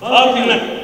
baatin nag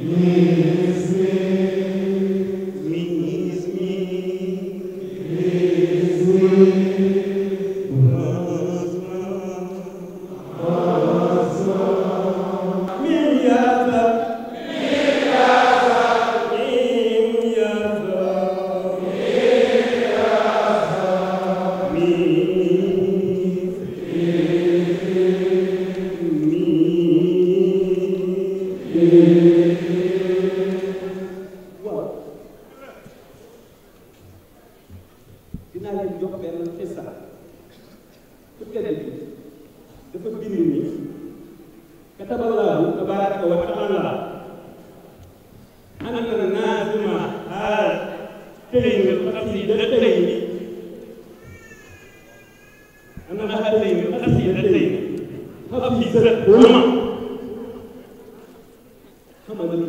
Amin ku tedd bi dafa bind ni kataballaahu tabaaraka wa taala ana naasima xaal tëriñ xasida tëriñ ana xasida xasida tëriñ xasida wama xamadul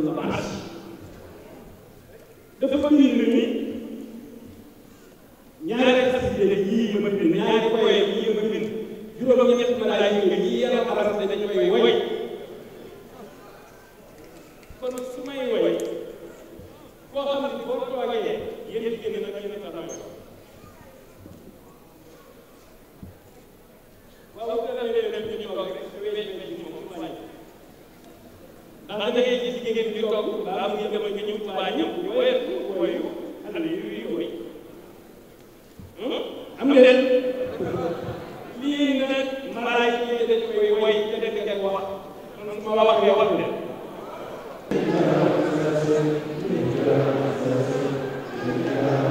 nga ba nga ñëw Tuubaa ñëw ñu woyal woyu xale yu woy hmm? am nga leen lii nag mala yi dañ koy woy te dëgg ngeen wax man ma wax yow wax leen Thank you.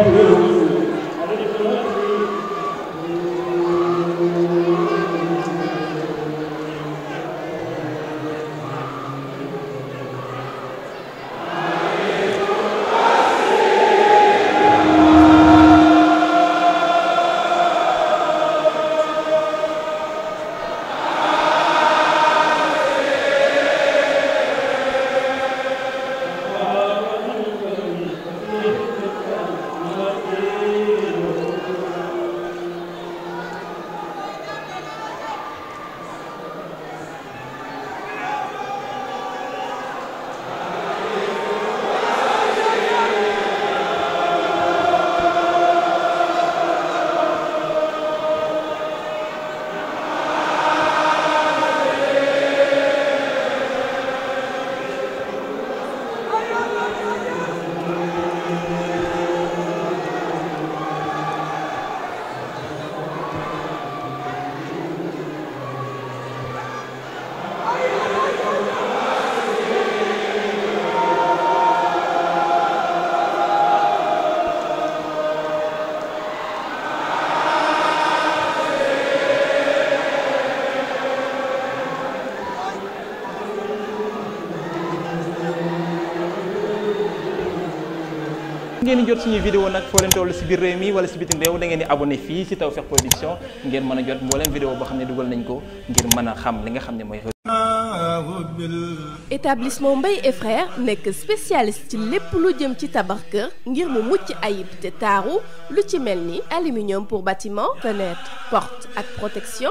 Thank you. ngeen di jot suñuy vidéo nag foo leen toll si biir réew mi wala si bitim réew da ngeen di abonné fii si Tawfekh Production ngeen mëna a jot mbooleem vidéo boo xam ne dugal nañ ko ngir mën a xam li nga xam ne mooy établissement Mbaye et frères nekk spécialiste ci lépp lu jëm ci tabax kër ngir mu mucc ayib te taaru lu ci mel ni aluminium pour bâtiment fenêtre porte ak protection